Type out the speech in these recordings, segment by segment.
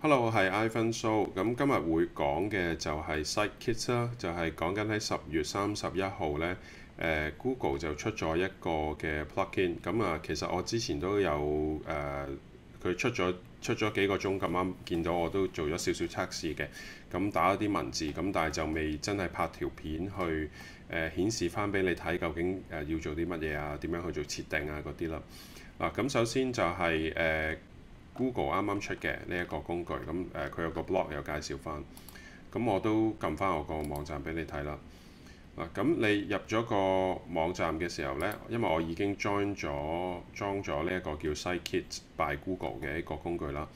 Hello，我係 Ivan So，咁今日會講嘅就係 Site Kit 啦，就係講緊喺十月三十一號呢 Google 就出咗一個嘅 Plugin，咁、嗯、啊其實我之前都有誒，佢、呃、出咗出咗幾個鐘咁啱見到我都做咗少少測試嘅，咁、嗯、打咗啲文字，咁、嗯、但係就未真係拍條片去誒、呃、顯示翻俾你睇究竟誒、呃、要做啲乜嘢啊，點樣去做設定啊嗰啲啦，嗱咁、嗯嗯、首先就係、是、誒。呃 Google 啱啱出嘅呢一個工具，咁誒佢有個 blog 有介紹翻，咁我都撳翻我個網站俾你睇啦。啊，咁你入咗個網站嘅時候呢，因為我已經 join 咗裝咗呢一個叫 Site Kit by Google 嘅一個工具啦。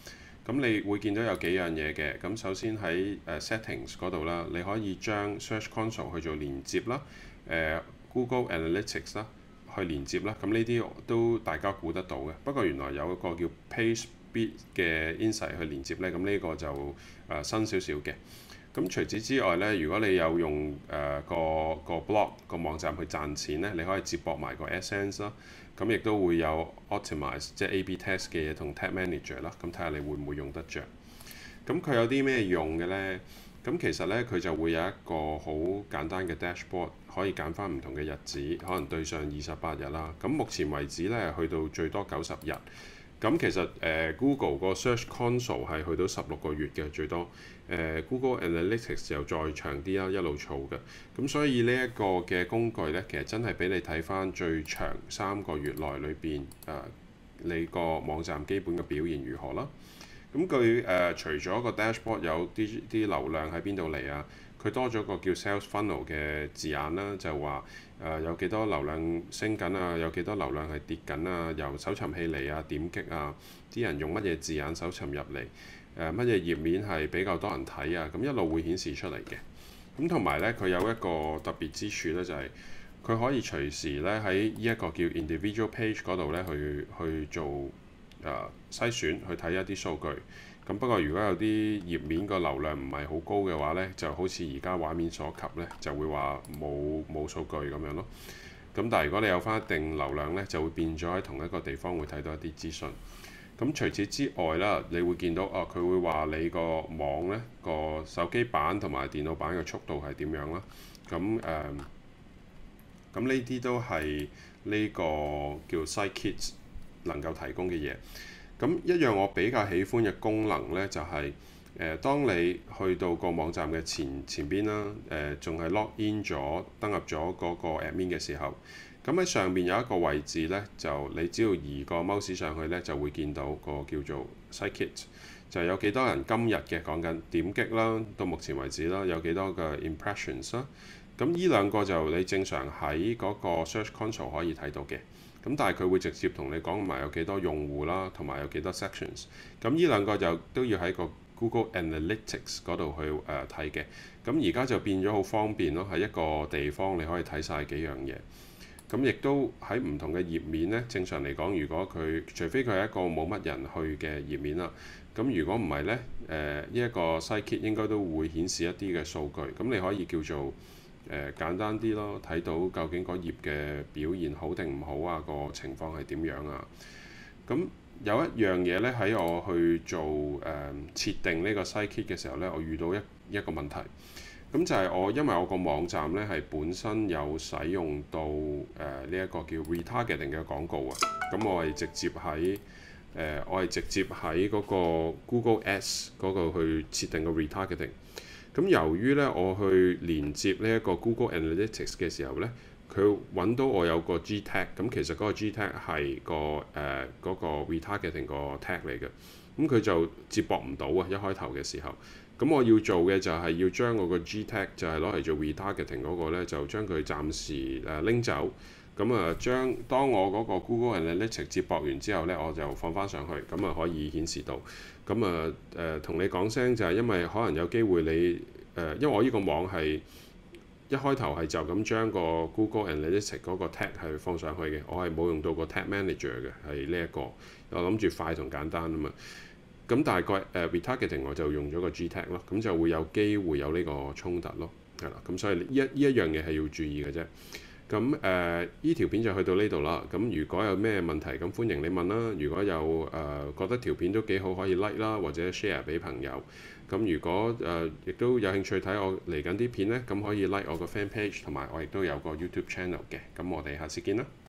咁你會見到有幾樣嘢嘅，咁首先喺 settings 嗰度啦，你可以將 search console 去做連接啦，呃，Google Analytics 啦去連接啦。咁呢啲都大家估得到嘅。不過原來有一個叫 Page B 嘅 insert 去連接咧，咁呢個就誒、呃、新少少嘅。咁除此之外咧，如果你有用誒、呃、個個 blog 個網站去賺錢咧，你可以接駁埋個 essence 啦。咁亦都會有 optimize 即係 A/B test 嘅嘢同 tag manager 啦。咁睇下你會唔會用得着。咁佢有啲咩用嘅咧？咁其實咧佢就會有一個好簡單嘅 dashboard，可以揀返唔同嘅日子，可能對上二十八日啦。咁目前為止咧去到最多九十日。咁其實誒、呃、Google 個 Search Console 係去到十六個月嘅最多，誒、呃、Google Analytics 又再長啲啦，一路儲嘅。咁所以呢一個嘅工具呢，其實真係俾你睇返最長三個月內裏邊誒你個網站基本嘅表現如何啦。咁佢誒除咗個 dashboard 有啲啲流量喺邊度嚟啊，佢多咗個叫 sales funnel 嘅字眼啦、啊，就話誒、呃、有幾多流量升緊啊，有幾多流量係跌緊啊，由搜尋器嚟啊，點擊啊，啲人用乜嘢字眼搜尋入嚟誒，乜、呃、嘢頁面係比較多人睇啊，咁一路會顯示出嚟嘅。咁同埋咧，佢有一個特別之處咧，就係、是、佢可以隨時咧喺呢一個叫 individual page 嗰度咧去去做。誒、啊、篩選去睇一啲數據，咁不過如果有啲頁面個流量唔係好高嘅話呢，就好似而家畫面所及呢，就會話冇冇數據咁樣咯。咁但係如果你有翻一定流量呢，就會變咗喺同一個地方會睇到一啲資訊。咁除此之外啦，你會見到哦，佢、啊、會話你個網呢，個手機版同埋電腦版嘅速度係點樣啦。咁誒，咁呢啲都係呢、呢個叫 Site Kit 能夠提供嘅嘢，咁一樣我比較喜歡嘅功能呢，就係、是、誒、呃，當你去到個網站嘅前前邊啦，誒、呃，仲係 log in 咗登入咗嗰個 admin 嘅時候，咁喺上面有一個位置呢，就你只要移個 mouse 上去呢，就會見到個叫做 Site Kit，就有幾多人今日嘅講緊點擊啦，到目前為止啦，有幾多個 impressions 啦，咁呢兩個就你正常喺嗰個 search console 可以睇到嘅。咁但係佢會直接同你講埋有幾多用戶啦，同埋有幾多 sections。咁呢兩個就都要喺個 Google Analytics 嗰度去誒睇嘅。咁而家就變咗好方便咯，喺一個地方你可以睇晒幾樣嘢。咁亦都喺唔同嘅頁面呢，正常嚟講，如果佢除非佢係一個冇乜人去嘅頁面啦，咁如果唔係呢，誒呢一個 Site Kit 應該都會顯示一啲嘅數據。咁你可以叫做。誒、呃、簡單啲咯，睇到究竟個頁嘅表現好定唔好啊？個情況係點樣啊？咁有一樣嘢呢，喺我去做誒、呃、設定呢個 Site Kit 嘅時候呢，我遇到一一個問題。咁就係我因為我個網站呢，係本身有使用到誒呢一個叫 retargeting 嘅廣告啊。咁我係直接喺誒、呃、我係直接喺嗰個 Google Ads 嗰度去設定個 retargeting。咁由於咧，我去連接呢一個 Google Analytics 嘅時候咧，佢揾到我有個 G Tag，咁其實嗰個 G Tag 係個誒嗰個 Retargeting 個 Tag 嚟嘅，咁佢就接駁唔到啊，一開頭嘅時候。咁我要做嘅就係要將我 G tag、嗰個 G tag 就係攞嚟做 retargeting 嗰個咧，就將佢暫時誒拎、呃、走。咁、嗯、啊，將當我嗰個 Google Analytics 接駁完之後呢，我就放翻上去，咁啊可以顯示到。咁、嗯、啊誒，同、呃、你講聲就係、是、因為可能有機會你誒、呃，因為我呢個網係一開頭係就咁將個 Google Analytics 嗰個 tag 係放上去嘅，我係冇用到個 tag manager 嘅，係呢一個我諗住快同簡單啊嘛。嗯咁大概誒 retargeting、uh, 我就用咗個 Gtag 咯，咁就會有機會有呢個衝突咯，係啦，咁所以呢一呢一樣嘢係要注意嘅啫。咁誒呢條片就去到呢度啦。咁如果有咩問題，咁歡迎你問啦。如果有誒、uh, 覺得條片都幾好，可以 like 啦，或者 share 俾朋友。咁如果誒、uh, 亦都有興趣睇我嚟緊啲片呢，咁可以 like 我個 fan page，同埋我亦都有個 YouTube channel 嘅。咁我哋下次見啦。